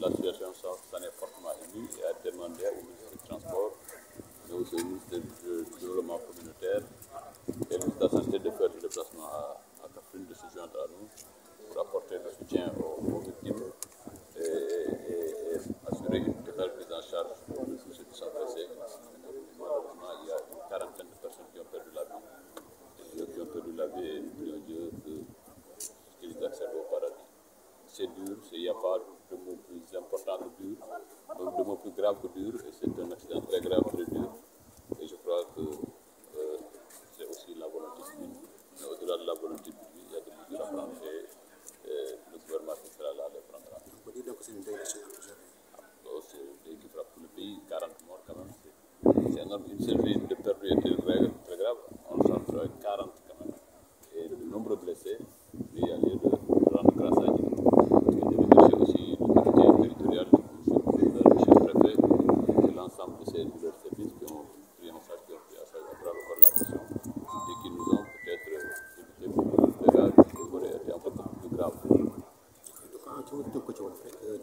la situation s'en est fortement émue et a demandé au ministère du Transport, mais aussi au ministre du Développement communautaire et au ministre de la Santé de faire du déplacement à, la Catherine de ce à nous pour apporter le soutien aux, aux victimes. il n'y a pas de mot plus important que dur, donc de mot plus grave que dur, et c'est un accident très grave, très dur. Et je crois que euh, c'est aussi la volonté au-delà de la volonté divine, il y a des mesures à prendre et, le gouvernement qui sera là les prendra. que c'est une délégation oh, C'est une qui frappe le pays, 40 morts quand même. C'est énorme, une seule ville de perdu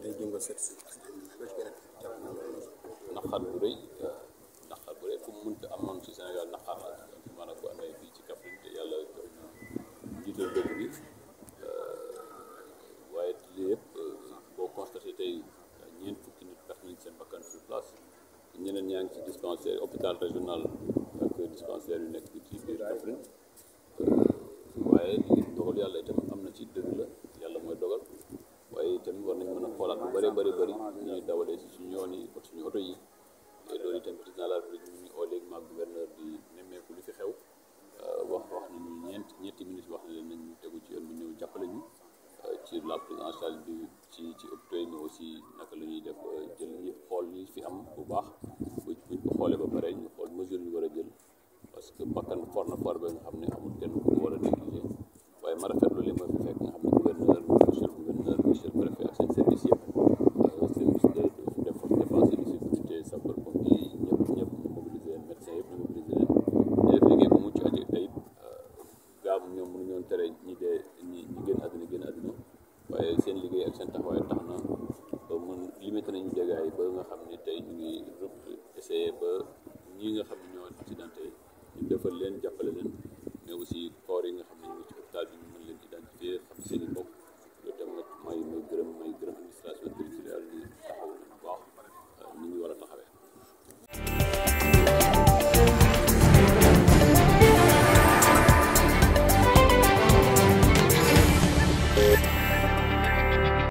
day jëngal seet si askan bi ba ci keneen jàpp na loolu naqar bu rëy bu rëy fu mu mënta amoon ci Sénégal naqar a maanaam bu amee fii ci Kaffrine te yàlla jox na bi euh, waaye lii yëpp euh, boo constaté tey ñeent fukki nit perte nañ seen bakkan sur place ñeneen ñaa ngi ci dispensaire hôpital régional ak dispensaire yu nekk ci biir Kaffrine euh, waaye ndogal yàlla itam ñetti ministre wax na leen nañ tegu ci yoon ñëw jàppale ñu euh, ci la prise bi ci ci hôpitaux yi mais aussi naka la ñuy def euh, jël yi xool li fi am bu baax bu buñ ko xoolee ba pare ñu xool mesure ñu war a jël parce que bakkan for na for ba nga xam ne amul kenn ku war a waaye ma rafetlu li ma fi fekk nga xam ne tey ñu ngi ba ñi nga xam ne ñoo accidenté ñu defal leen jàppale leen mais aussi corps yi nga xam ne ñu ngi ci hôpital bi ñu mën leen identifier xam seen i mbokk